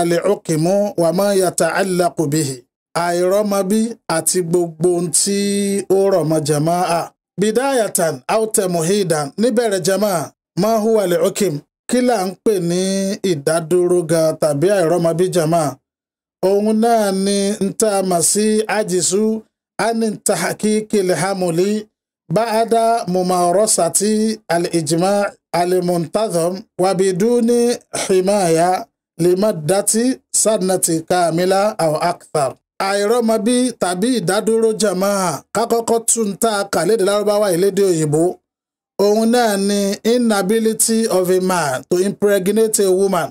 alẹ́ ọ̀kìmú wà máa yàtà alákòbíhì àìrọ́mọbí àti gbogbo ohun tí ó rọ̀ mọ́ jamaa. bidayatan autamuhidan níbẹ̀rẹ̀ jamaa máa hùwà alẹ́ ọ̀kìm kí là ń pè ní ìdádúró gan tàbí àìrọ́mọbí jamaa. òun náà ni n tá a mọ̀ sí àjìsú ani tahakiki lihamuli baada mumarosati alijima alimuntazom wabiduni himaya limadati sanati kamila aw akthar àìrọ́mọbí tàbí ìdádúró jamaa kákọ́kọ́ tún tá a kà lédè lárúbáwá ìlédè òyìnbó òun náà ni inability of a man to impregnate a woman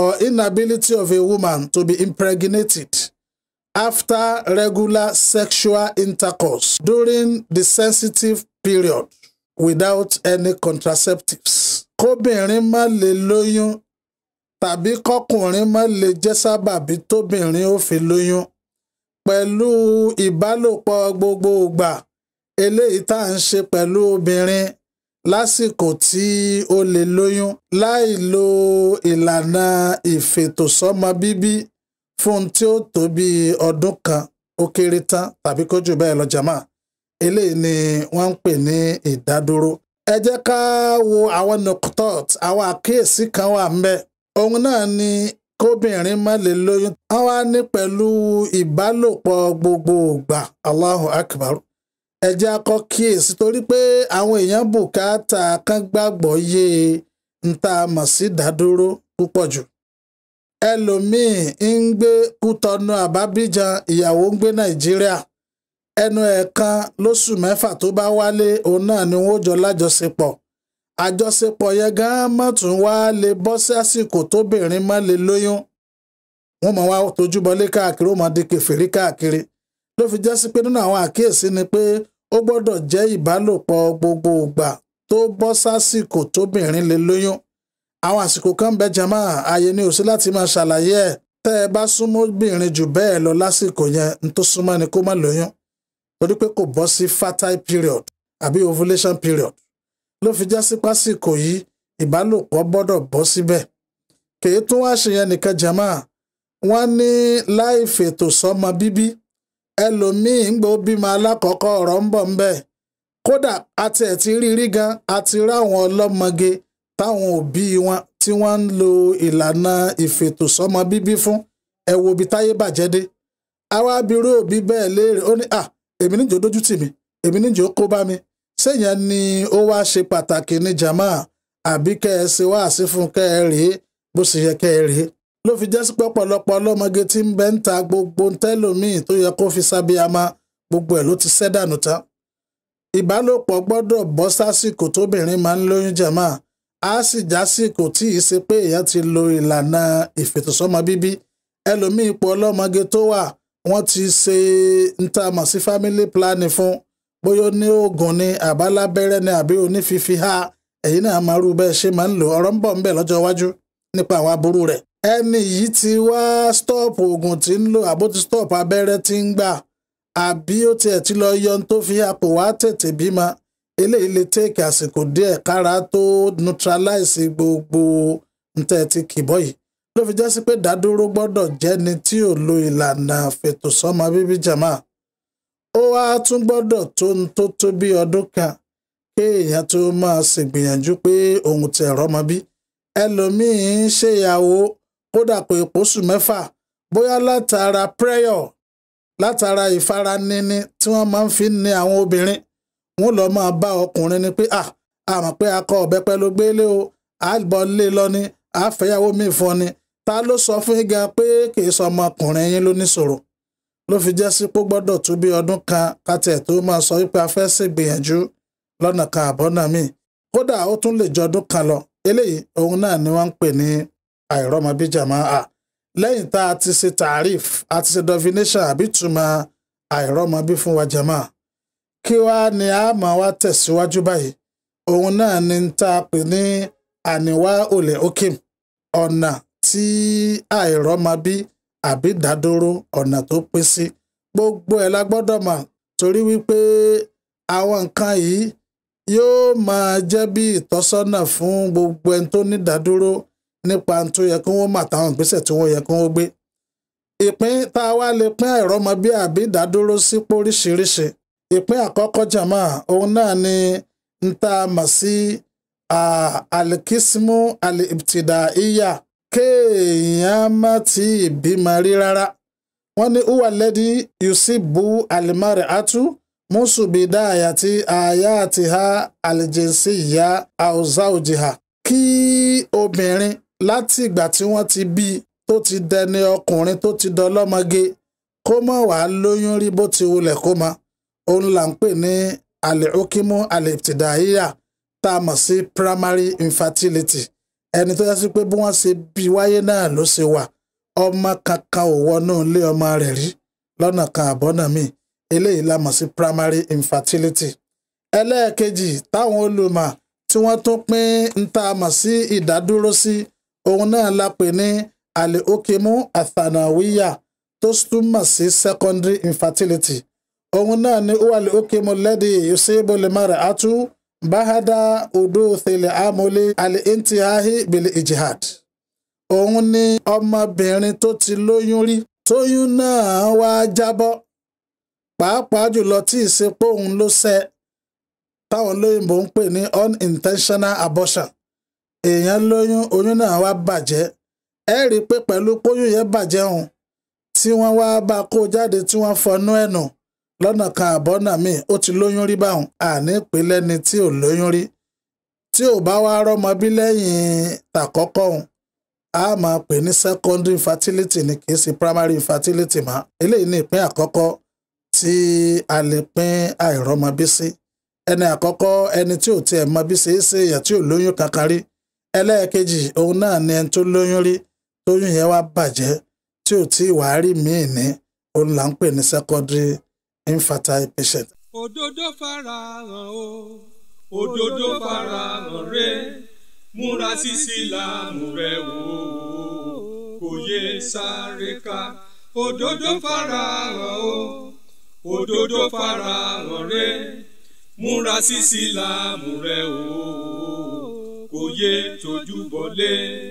or inability of a woman to be impregnated after regular sexual intercourse during the sensitive period without any contraceptives kóbìnrin má lè lóyún tàbí kọkùnrin má lè jẹ́ sábàbí tóbìnrin ó fi lóyún pẹ̀lú ìbálòpọ̀ gbogbogbà eléyìí tá à ń ṣe pẹ̀lú obìnrin lásìkò tí ó lè lóyún láì lo ìlànà ìfètòsọ́mọ bíbí fún tí ó tó bí ọdún kan ó kéré tán tàbí kó jù lọ jàmá eléyìí ni wọ́n ń pè ní ìdádúró. ẹ jẹ́ ká wo àwọn nocturt àwọn àkíyèsí kan wà ń bẹ́ẹ̀ òun náà ni kóbìnrin má lè lóyún wọn wá ní pẹ̀lú ìbálòpọ̀ gbogbogbà Allahu Akbar ẹ jẹ́ a kọ́ kíyèsí torí pé àwọn èèyàn bùkátà kan gbàgbọ́ yé n tá a mọ̀ sí ìdádúró púpọ̀ jù ẹlòmíì ń gbé Kútọ̀nù àbábíjan ìyàwó ń gbé Nàìjíríà ẹnu ẹ̀ẹ̀kan lóṣù mẹ́fà tó bá wálé òun náà ni wọ́n jọ lájọṣepọ̀ àjọṣepọ̀ yẹn gan-an mọ̀ tún wá lè bọ́ sí àsìkò tóbìnrin mọ́ lè lóyún wọ́n mọ̀ wá tojúbọlé káàkiri ó mọ̀ di kèfèrí káàkiri ló fi jẹ́ sí pé nínú àwọn àkíyèsí ni pé ó gbọ́dọ̀ jẹ́ ìbálòpọ̀ gbogbo ìgbà tó bọ́ sásìkò tóbìnrin lè lóyún àwọn àsìkò kan bẹ jẹmọ ààyè ni ò sí láti máa ṣàlàyé ẹ tẹ́ ẹ bá súnmọ́ obìnrin jù bẹ́ẹ̀ lọ lásìkò yẹn n tó súnmọ́ ni kó má lóyún torí pé kò bọ́ sí fertile period àbí ovulation period ló fi já sí pásìkò yìí ìbálòpọ̀ gbọ́dọ̀ bọ́ síbẹ̀ kèé tó wá ṣèyẹn nìkan jama wọ́n ní láì fètò sọ́mọ bíbí ẹlòmíín ń gbọ́ bímọ alákọ̀ọ́kọ́ ọ̀rọ̀ ń bọ̀ ńbẹ̀ kódà àti ẹ̀ ti rírí gan àti ráwọn ọlọ́mọge táwọn òbí wọn tí wọ́n ń lo ìlànà ìfètò sọ́mọ bíbí fún ẹ wo táyé bàjẹ́ dé àwa abirú òbí bẹ́ẹ̀ léèrè ó ní à èmi níjó dójú tì mí èmi níjó kó bá mi sẹ́yìn ni ó wá ṣe pàtàkì ní jama àbí kẹ́ ẹ ṣe wá sí fún kẹ́ ẹ rèé bó ṣe yẹ kẹ́ ẹ rèé ló fi jẹ́ sí pé ọ̀pọ̀lọpọ̀ ọlọ́mọge tí ń bẹ ń ta gbogbo ntẹ́lòmíì tó yẹ kó fi sábíyamá gbogbo ẹ̀ ló ti sẹ́dànù tán ìbálòpọ̀ gbọ́dọ̀ bọ́ sásìkò tóbìnrin máa ń lóyún jẹ̀mọ́ a sì jásìkò tí ì ṣe pé èèyàn ti lo ìlànà ìfètòsọ́mọ bíbí ẹlòmíì ipò ọlọ́mọge tó wà wọ́n ti ṣe ń ta mọ̀ sí family planning fún bóyá ó ní oògùn ni àbá lábẹ́rẹ́ ni àbí onífífi ha ẹ̀yin náà máa rú bẹ́ẹ̀ ṣe máa ń lò ọ̀rọ̀ ń bọ̀ ńbẹ̀ lọ́jọ́ iwájú nípa àwọn aburú rẹ̀. ẹni yìí ti wá stop oògùn tí ń lò àbó ti stop abẹ́rẹ́ tí ń gbà àbí ó tiẹ̀ ti lọ yọ tó fi apò wá tètè bímọ eléyìí lè tèkì àsìkò díẹ̀ kára tó neutralize gbogbo ntẹ́ ti kìbọ̀ yìí ló fi jẹ́ sí pé dádúró gbọ́dọ̀ jẹ́ni tí ò lo ìlànà fètòsọ́mọ bíbí jàmáà ó wá tún gbọ́dọ̀ tó ń tó tó bí ọdún kan kéèyàn tó máa ṣègbìyànjú pé òun tẹ̀ rọ́mọ bí ẹlòmíín ṣèyàwó kódà kò ìpòsù mẹ́fà bóyá látara prayer látara ìfaranini tí wọ́n máa ń fi ní àwọn obìnrin wọ́n lọ máa bá ọkùnrin ni pé à àmọ̀ pé akọ ọ̀bẹ pẹ́ ló gbélé o àbọ̀ lé lọ ni àfẹ́yàwó mi fún ni ta ló sọ fún yín gan pé kì í sọ ọmọkùnrin yín ló ní sọ̀rọ̀ ló fi jẹ́ sí pó gbọ́dọ̀ tó bí ọdún kan kátẹ̀ tó máa sọ wípé a fẹ́ ṣègbìyànjú lọ́nà kan àbọ́nà míì kódà ó tún lè jọ ọdún kan lọ eléyìí òun náà ni wọ́n ń pè ní àìrọ́mọbíjàmá a lẹ́yìn tá a ti ṣe tarif a ti ṣe definition àbí túmọ̀ àìrọ́mọbí fún wa jàmá kí wá ni a máa wá tẹ̀síwájú báyìí òun náà ni tá a pè ní àníwá olè ókè ọ̀nà tí àìrọ́mọbí àbí ìdádúró ọ̀nà tó pín sí gbogbo ẹ̀ la gbọ́dọ̀ mọ̀ torí wípé àwọn nǹkan yìí yóò máa jẹ́ bí ìtọ́sọ́nà fún gbogbo ẹni tó ní ìdádúró nípa tó yẹ kí wọ́n mà táwọn ìgbésẹ̀ tí wọ́n yẹ kí wọ́n gbé ìpín tá a wá lè pín àìrọ́mọ bí àbí ìdádúró sí póríṣiríṣi ìpín àkọ́kọ́ jàmọ́ òun náà ni n tá mọ̀ sí alikisimu alibtidaiya. Al kéèyàn má ti bímọ rí rárá wọ́n ní uwa lẹ́dí yusibu alimari atu musubida àyàtì àyàtì ha alìjẹsí ìyá àwùzáwùjì ha kí obìnrin láti ìgbà tí wọ́n ti bí tó ti dẹni ọkùnrin tó ti dọlọ́mọge kó mọ̀ wá lóyún rí bó ti wulẹ̀ kó mọ̀ òun là ń pè ní alìókímù alìtìdáyà tá a mọ̀ sí primary infertility ẹni tó si pé bí wọ́n ṣe bí wáyé náà ló ṣe wà ọmọ kankan ò wọnú ilé ọmọ rẹ̀ rí lọ́nà kan àbọ́nà míì eléyìí la mọ̀ sí primary infertility. ẹlẹ́ẹ̀kejì táwọn olùmọ̀ tí wọ́n tún pín ń tá a mọ̀ sí ìdádúró sí òun náà la pè ní àlèókèmú àtànàwíyà tó túmọ̀ sí secondary infertility. òun náà ni ó wà lè ókèmú lẹ́dí yóò ṣe é bó bahada uduthil amuli al-intihahi bil ijihad òun ni ọmọbìnrin tó ti lóyún rí tóyún náà wá jábọ́ pàápàá jùlọ tí ìsepò òun ló ṣẹ táwọn olóyìnbó ń pè ní unintentional abortion èèyàn lóyún oyún náà wá bàjẹ́ ẹ rí i pé pẹ̀lú kóyún yẹn bàjẹ́ òun tí wọ́n wá bá kó jáde tí wọ́n fọnú ẹ̀ nù. No lọ́nà kan àbọ́nà mi ó ti lóyún rí báwọn àní ìpínlẹ̀ ni tí ò lóyún rí tí ò bá wá rọ́mọ bí lẹ́yìn tàkọ́kọ́ òun a máa pè ní secondary infertility ni kì í ṣe primary infertility mọ́ eléyìí ní ìpín àkọ́kọ́ tí a lè pín àìrọ́mọbí sí ẹni àkọ́kọ́ ẹni tí ò tiẹ̀ mọ bí ṣe é ṣe èèyàn tí ò lóyún kankan rí ẹlẹ́ẹ̀kejì òun náà ni ẹni tó lóyún rí tóyún yẹn wá bàjẹ́ tí ò tí ì wàá rí míì ní òun là ń pè ní secondary infertile patient. òdodo farahàn o òdodo farahàn rẹ múra sí sílámù rẹ wò kò yé sáré ká òdodo farahàn o òdodo farahàn rẹ múra sí sílámù rẹ wò kò yé tójú bọlé.